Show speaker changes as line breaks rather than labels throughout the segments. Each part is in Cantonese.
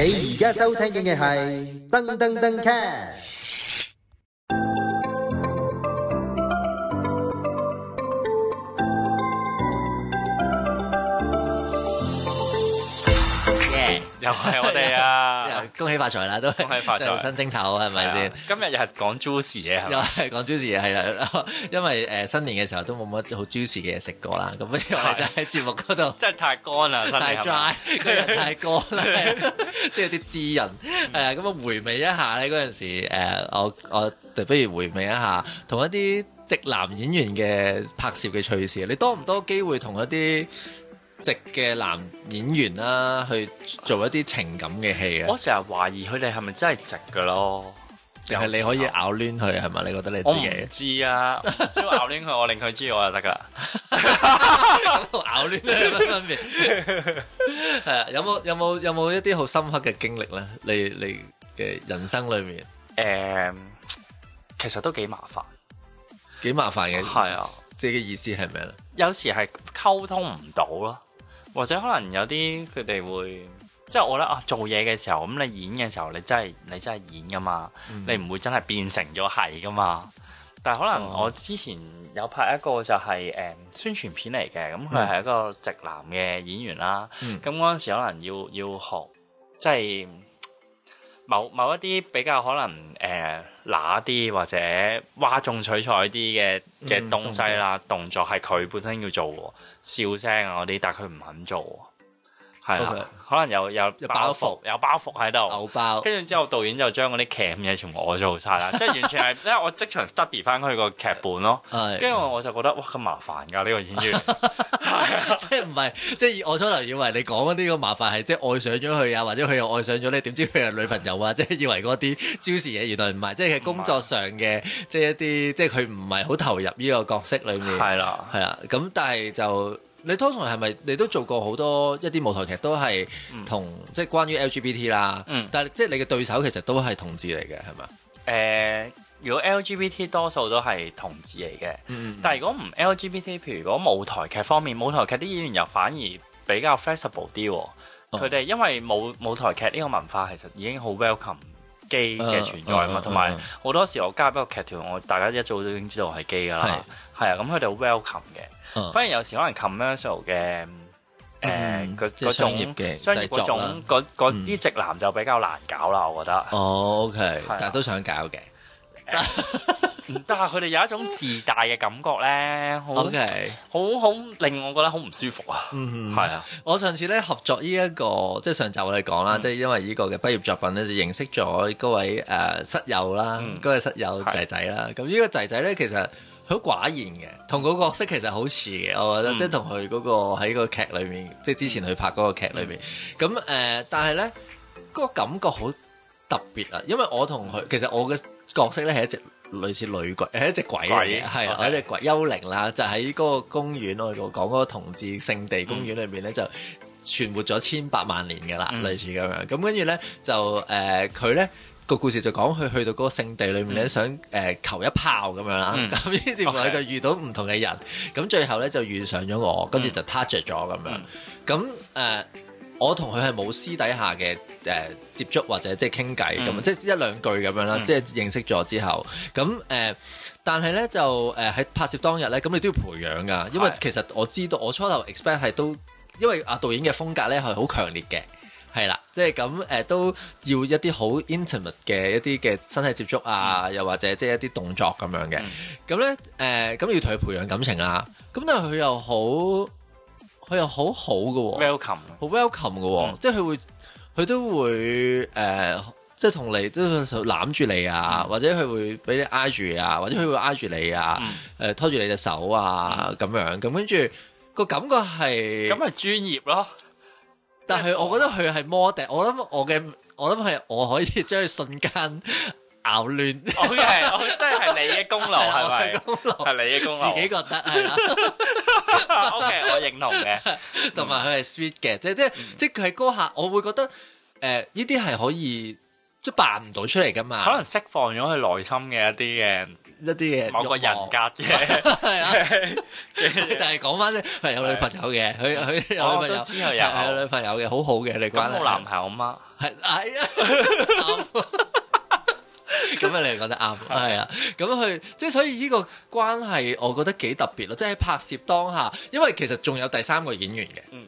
你而家收聽嘅係噔噔噔
cast，耶，又係我哋啊！恭喜發財啦！都即係新正頭，係咪先？今日又係講 juicy 嘢，又係講 juicy 嘢，係啦。因為誒新年嘅時候都冇乜好 juicy 嘅嘢食過啦，咁所以就喺節目嗰度，真係太乾啦，太 dry 太乾啦，需要啲滋潤！係啊，咁啊回味一下咧，嗰陣時誒，我我不如回味一下同一啲直男演員嘅拍攝嘅趣事。你多唔多機會同一啲？直嘅男演員啦、啊，去做一啲情感嘅戲嘅。我成日懷疑佢哋係咪真係直噶咯？
定係你可以
咬攣佢係咪？你覺得你自己？
知啊，要咬攣佢， 我令佢知我就得噶。咬 攣 有乜分別？係啊，
有冇有冇有冇一啲好深刻嘅經歷咧？你你嘅人生裏面，誒、嗯，其實都幾麻煩，幾麻煩嘅。係 啊，
即係嘅意思係咩？咧？ 有時係溝通唔到咯。或者可能有啲佢哋會，即係我覺得啊做嘢嘅時候，咁你演嘅時候你，你真係，你真係演噶嘛，嗯、你唔會真係變成咗係噶嘛。但係可能我之前有拍一個就係、是、誒、嗯、宣傳片嚟嘅，咁佢係一個直男嘅演員啦、啊。咁嗰陣時可能要要學，即、就、係、是。某某一啲比較可能誒乸啲或者嘩眾取彩啲嘅嘅東西、嗯、啦，動作係佢本身要做喎，嗯、笑聲啊嗰啲，但係佢唔肯做。係啦，okay, 可能有有包袱，有包袱喺度，牛包，包，包。跟住之後，導演就將嗰啲劇嘢全部我做晒啦， 即係完全係、 這個，因為我即場 study 翻佢個劇本咯。係，跟住我就覺得哇，咁麻煩㗎呢個演員，
即係唔係？即係我初頭以為你講嗰啲個麻煩係即係愛上咗佢啊，或者佢又愛上咗你點知佢係女朋友啊？即係以為嗰啲招事嘢，原來唔係，即、就、係、是、工作上嘅，即係是一啲即係佢唔係好投入呢個角色裡面。係啦，係啊，咁但係就。你通常係咪你都做過好多一啲舞台劇都係同、嗯、即係關於 LGBT 啦，嗯、但係即係你嘅對手其實都係同志嚟嘅係咪？
誒、呃，如果 LGBT 多數都係同志嚟嘅，嗯嗯，但係如果唔 LGBT，譬如果舞台劇方面，舞台劇啲演員又反而比較 flexible 啲，佢哋因為舞、哦、舞台劇呢個文化其實已經好 welcome。機嘅存在啊嘛，同埋好多時我加入一個劇團，我大家一早都已經知道係機㗎啦。係是啊，咁佢哋好 welcome 嘅。反而有時可能 commercial 嘅
誒，嗰種、uh, 呃、即係商業嘅製
作啦。啲、啊、直男就比較難搞啦，我覺得。
Uh, o、okay, k 但係都想搞嘅。
但係佢哋有一種自大嘅感覺咧，
好，好 Okay. 令我覺得好唔舒服啊！係、mm hmm. 啊。我上次咧合作呢、這、一個，即係上集我哋講啦，即係、mm hmm. 因為呢個嘅畢業作品咧，就認識咗嗰位誒、呃、室友啦，嗰、mm hmm. 位室友仔仔啦。咁是呢個仔仔咧，其實好寡言嘅，同個角色其實好似嘅，我覺得，mm hmm. 即係同佢嗰個喺個劇裏面，即係之前佢拍嗰個劇裏面。咁誒、mm hmm. 嗯，但係咧嗰個感覺好特別啊，因為我同佢，其實我嘅角色咧係一直……類似女鬼，係一隻鬼嚟嘅，係一隻鬼幽靈啦，就喺、是、嗰個公園，我哋講嗰個同志聖地公園裏面咧，嗯、就存活咗千百萬年嘅啦，嗯、類似咁樣。咁跟住咧就誒，佢咧個故事就講佢去到嗰個聖地裏面咧，嗯、想誒、呃、求一炮咁樣啦。咁、嗯、於是乎就遇到唔同嘅人，咁、嗯、最後咧就遇上咗我，跟住就 touch 咗咁樣。咁誒、嗯。嗯嗯我同佢係冇私底下嘅誒、呃、接觸或者即係傾偈咁，即係、嗯、一兩句咁樣啦。嗯、即係認識咗之後，咁誒、呃，但係呢，就誒喺、呃、拍攝當日呢，咁你都要培養噶，因為其實我知道我初頭 expect 係都，因為阿、啊、導演嘅風格呢係好強烈嘅，係啦，即係咁誒都要一啲好 intimate 嘅一啲嘅身體接觸啊，又或者即係一啲動作咁樣嘅。咁、嗯、呢，誒、呃，咁要同佢培養感情啊。咁但係佢又好。佢又好好嘅，welcome，好 welcome 嘅，即係佢會，佢都會，誒，即係同你，即係攬住你啊，或者佢會俾你挨住啊，或者佢會挨住你啊，誒，拖住你隻手啊，咁樣，咁跟住個感覺係，咁
啊專業咯。
但係我覺得佢係 model，我諗我嘅，我諗係我可以將佢瞬間熬亂。
O K，即係你嘅功勞係咪？係功勞，係你嘅功勞，自己覺
得係 O K，我認同嘅，同埋佢係 sweet 嘅，即係即係即係佢係歌客，我會覺得誒，呢啲係可以即係扮唔到出嚟噶嘛，可能釋放咗佢內心嘅一啲嘅一啲嘢，某個人格嘅係啊，但係講翻啫，佢有女朋友嘅，佢佢有女朋友，之後又係有女朋友嘅，好好嘅嚟關係，好男朋友啊嘛，係係啊。咁 樣你係講得啱，係啊， 咁佢，即係所以呢個關係，我覺得幾特別咯，即係喺拍攝當下，因為其實仲有第三個演員嘅，嗯。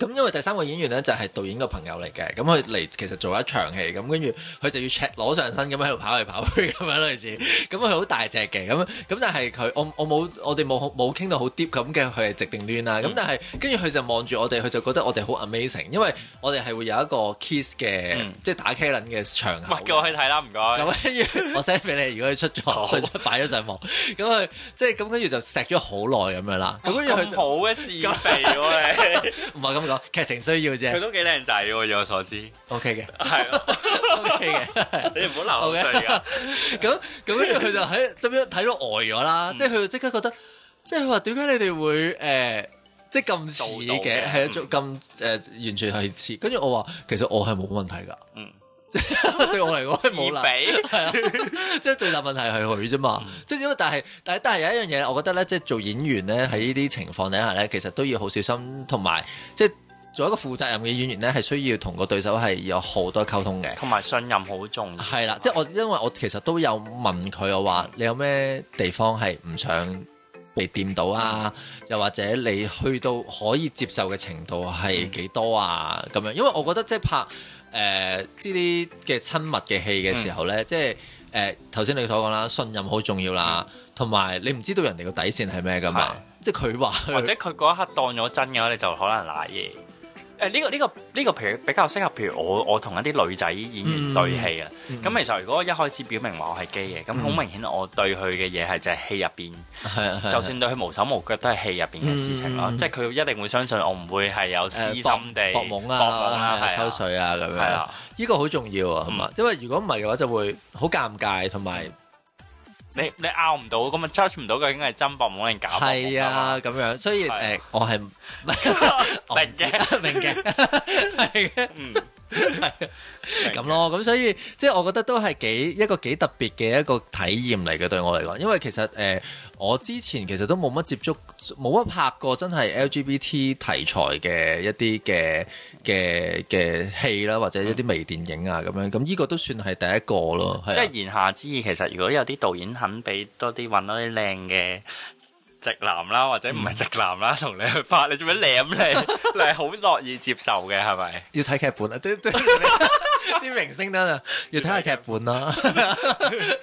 咁因為第三個演員咧就係、是、導演個朋友嚟嘅，咁佢嚟其實做一場戲，咁跟住佢就要 check 攞上身咁喺度跑嚟跑去咁樣類似，咁佢好大隻嘅，咁咁但係佢我我冇我哋冇冇傾到好 deep 咁嘅，佢係直定亂啦，咁但係跟住佢就望住我哋，佢就覺得我哋好 amazing，因為我哋係會有一個 kiss 嘅 connect me 即係打 kiss 嘅場合。
過去睇啦，唔該。
咁跟住我 send 俾你，如果佢出場， 好 擺咗上網。咁佢即係咁跟住就錫咗哇好耐咁樣啦。咁跟住佢好一字咁肥喎你，唔係咁。劇情需要啫，佢
都幾靚仔喎，我以我所知。OK 嘅
的，係 OK 嘅，你唔好流口水啊！咁咁咧，佢就喺咁樣睇到呆咗啦，即係佢就即刻覺得，即係佢話點解你哋會誒、呃，即係咁似嘅，係、嗯、一種咁誒、呃、完全係似。跟住我話，其實我係冇問題㗎。嗯。 對我嚟講冇啦，係啊比，即係 最大問題係佢啫嘛，即係、嗯、但係但係但係有一樣嘢，我覺得咧，即係做演員咧喺呢啲情況底下咧，其實都要好小心，同埋即係做一個負責任嘅演員咧，係需要同個對手係有好多溝通嘅，同埋信任好重要的。係啦的，即係我因為我其實都有問佢，我話你有咩地方係唔想。被掂到啊！又或者你去到可以接受嘅程度係幾多啊？咁、嗯、樣，因為我覺得即係拍誒呢啲嘅親密嘅戲嘅時候呢，嗯、即係誒頭先你所講啦，信任好重要啦，同埋你唔知道人哋個底線係咩噶嘛，即係佢話，或者
佢嗰一刻當咗真嘅話，你 就可能賴嘢。誒呢個呢個呢個，譬、這、如、個、比較適合譬如我我同一啲女仔演員對戲啊。咁、嗯、其實如果一開始表明話我係基嘅，咁好明顯我對佢嘅嘢係就係戲入邊，嗯、就算對佢無手無腳都係戲入邊嘅事情咯。嗯、即係佢一定會相信我唔會係有私心地博懵啊、博懵啊抽水
啊咁樣。依、係啊、個好重要啊，係嘛、嗯？因為如果唔係嘅話，就會好尷尬同埋。
你你拗唔到，咁咪 charge 唔到，究竟該係真博唔可能假
博？係啊，咁樣，所以，誒是、啊呃，我係
唔明嘅白，明嘅，
係嘅。係咁咯，咁所以即係我覺得都係幾一個幾特別嘅一個體驗嚟嘅，對我嚟講，因為其實誒、呃、我之前其實都冇乜接觸，冇乜拍過真係 LGBT 題材嘅一啲嘅嘅嘅戲啦，或者一啲微電影啊咁是的 樣，咁呢個都算係第一個咯。即係
言下之意，其實如果有啲導演肯俾多啲搵多啲靚嘅。直男啦，或者唔係直男啦，同、嗯、你去拍，你做咩舐你？ 你係好樂意接受嘅，係咪？
要睇劇本啊！啲啲啲明星真啊，要睇下劇本啦。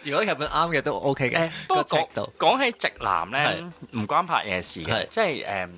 如果劇本啱嘅都 OK 嘅。不過講講起直男咧，唔
是關拍嘢事嘅，是即係誒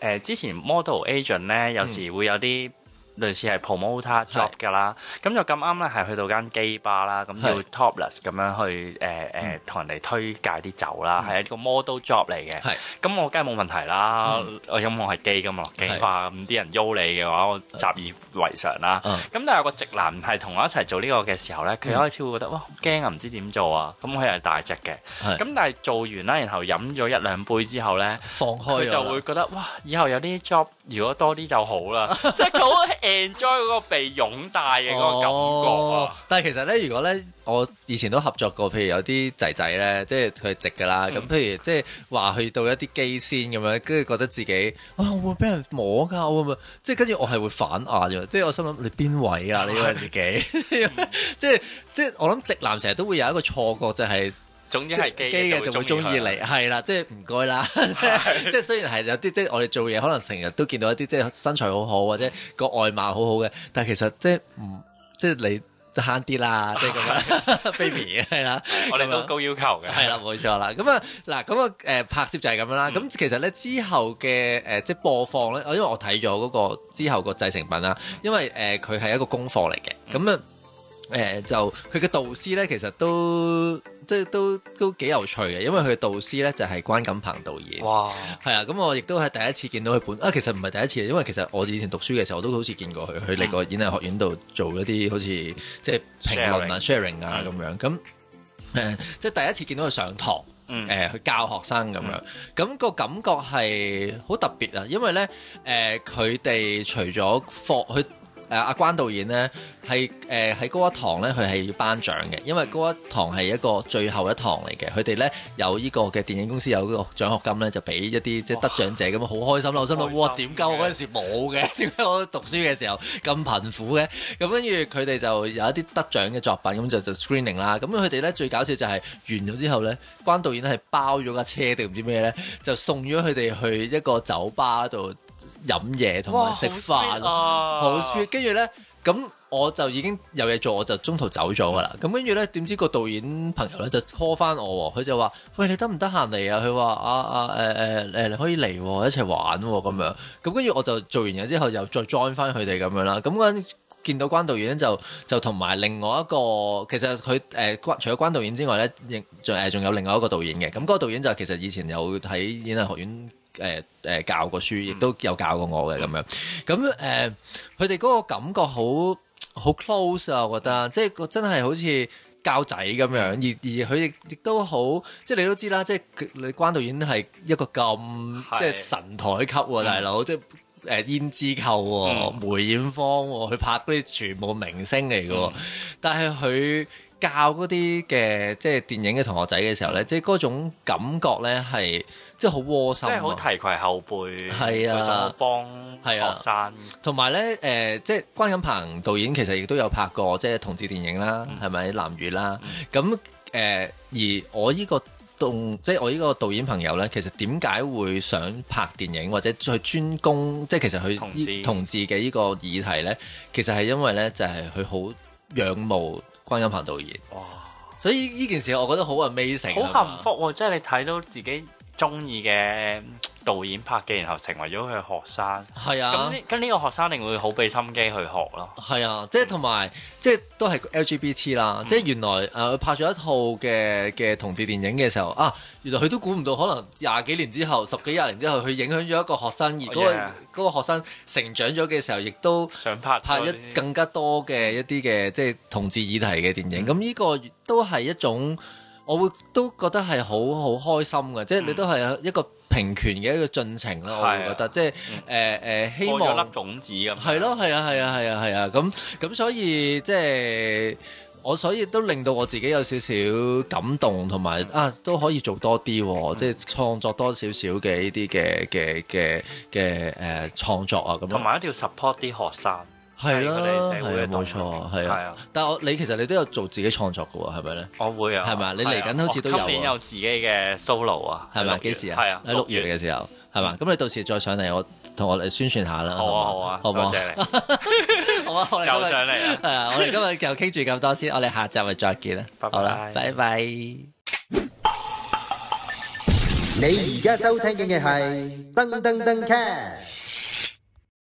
誒，之前 model agent 咧，有時會有啲、嗯。類似係 promoter job 㗎啦，咁就咁啱咧，係去到間基吧啦，咁就 topless 咁樣去誒誒同人哋推介啲酒啦，係一個 model job 嚟嘅。咁我梗係冇問題啦，我飲我係基㗎嘛，基吧咁啲人邀你嘅話，我習以為常啦。咁但係個直男係同我一齊做呢個嘅時候咧，佢開始會覺得哇，好驚啊，唔知點做啊。咁佢係大隻嘅，咁但係做完啦，然後飲咗一兩杯之後咧，放開咗，佢就會覺得哇，以後有啲 job。如果多啲就好啦， 即係佢好 enjoy 嗰個被擁戴嘅嗰個感覺，啊
哦。但係其實咧，如果咧，我以前都合作過，譬如有啲仔仔咧，即係佢係直嘅啦。咁、嗯、譬如即係話去到一啲機先咁樣，跟住覺得自己啊我會俾人摸㗎，我會唔會即係跟住我係會反壓咗。即係我心諗你邊位啊？你自己、啊、 即係即係我諗直男成日都會有一個錯覺就係、是。總之係機嘅就會中意你係啦，即係唔該啦。即係雖然係有啲即係我哋做嘢，可能成日都見到一啲即係身材好好或者個外貌好好嘅，但係其實即係唔即係你就慳啲啦。即係咁樣，baby 係啦 了，我哋都高要求嘅。 係啦，冇錯啦。咁啊嗱，咁啊誒拍攝就係咁樣啦。咁其實咧之後嘅誒即係播放咧，因為我睇咗嗰個之後個製成品啦，因為誒佢係一個功課嚟嘅。咁啊。誒、呃、就佢嘅導師咧，其實都即係都都幾有趣嘅，因為佢嘅導師咧就係、是、關錦鵬導演。哇！係啊，咁我亦都係第一次見到佢本啊，其實唔係第一次，因為其實我以前讀書嘅時候，我都好似見過佢，去嚟個演藝學院度做一啲好似即係評論啊、sharing 享啊咁、啊嗯、樣。咁、嗯、即係第一次見到佢上堂，誒、嗯呃、去教學生咁樣。咁、嗯、個感覺係好特別啊，因為咧誒，佢、呃、哋除咗課去。誒阿、呃、關導演呢，係誒喺嗰一堂呢，佢係要頒獎嘅，因為嗰一堂係一個最後一堂嚟嘅。佢哋呢，有呢個嘅電影公司有嗰個獎學金呢，就俾一啲即係得獎者咁啊，好開心啦！我心諗哇，點解我嗰陣時冇嘅，點解我讀書嘅時候咁貧苦嘅？咁跟住佢哋就有一啲得獎嘅作品咁就就 screening 啦。咁佢哋呢，最搞笑就係完咗之後呢，關導演係包咗架車定唔知咩呢，就送咗佢哋去一個酒吧度。飲嘢同埋食飯好，跟住呢，咁我就已經有嘢做，我就中途走咗噶啦。咁跟住呢，點知個導演朋友呢就 call 翻我，佢就話：喂，你得唔得閒嚟啊？佢話：啊啊，誒、呃、誒、呃、你可以嚟、啊、一齊玩咁、啊、樣。咁跟住我就做完咗之後，又再 join 翻佢哋咁樣啦。咁嗰陣見到關導演咧，就就同埋另外一個，其實佢誒關除咗關導演之外呢，仲有另外一個導演嘅。咁、那、嗰個導演就其實以前有喺演藝學院。誒誒、呃呃，教過書，亦都有教過我嘅咁樣。咁誒，佢哋嗰個感覺好好 close 啊，我覺得，即係真係好似教仔咁樣。而而佢亦都好，即係你都知啦，即係你關導演係一個咁即係神台級大佬，即係誒胭脂扣，啊嗯、梅艷芳、啊，佢拍嗰啲全部明星嚟嘅，嗯、但係佢。教嗰啲嘅即係電影嘅同學仔嘅時候咧，即係嗰種感覺咧係即係好窩心，即係好提攜後輩，係啊，幫係啊，讚，同埋咧，誒，即係關錦鵬導演其實亦都有拍過即係同志電影啦，係咪？藍宇啦，咁誒，而我呢個動，即係我呢個導演朋友咧，其實點解會想拍電影或者去專攻，即係其實佢同志同志嘅呢個議題咧，其實係因為咧就係佢好仰慕。關錦鵬導演，哇！所以呢件事，我覺得好係 Amazing，好幸
福，啊，吧即係你睇到自己。中意嘅導演拍嘅，然後成為咗佢學生。係啊，咁呢？呢個學生定會好畀心
機去學咯。係啊，即係同埋，嗯、即係都係 LGBT 啦。嗯、即係原來，誒、呃、拍咗一套嘅嘅同志電影嘅時候，啊，原來佢都估唔到，可能廿幾年之後、 十幾廿年之後，佢影響咗一個學生，而嗰、那個、 個學生成長咗嘅時候，亦都想拍拍一更加多嘅一啲嘅即係同志議題嘅電影。咁呢、嗯嗯、個都係一種。我會都覺得係好好開心嘅，即係你都係一個平權嘅一個進程啦。嗯、我會覺得即係
誒誒，希望粒種子咁。
係咯，係啊，係啊，係啊，係啊，咁咁、啊啊啊、所以即係我所以都令到我自己有少少感動同埋啊，都可以做多啲，嗯、即係、呃、創作多少少嘅呢啲嘅嘅嘅嘅誒創作啊，咁同埋
一定要 support 啲學生。
係咯，係冇錯，係啊。但係我你其實你都有做自己創作嘅喎，係咪咧？我
會啊，係咪你嚟緊好似都有有自己嘅 solo 啊，係咪？幾時啊？係啊，喺六月嘅
時候，係嘛？咁你到時再上嚟，我同我哋宣傳下啦。好啊，好啊，好唔好？多謝你，好啊，我哋又上嚟啊！我哋今日就傾住咁多先，我哋下集咪再見啦。好啦，拜拜。你而家收聽
緊嘅係登登登 cash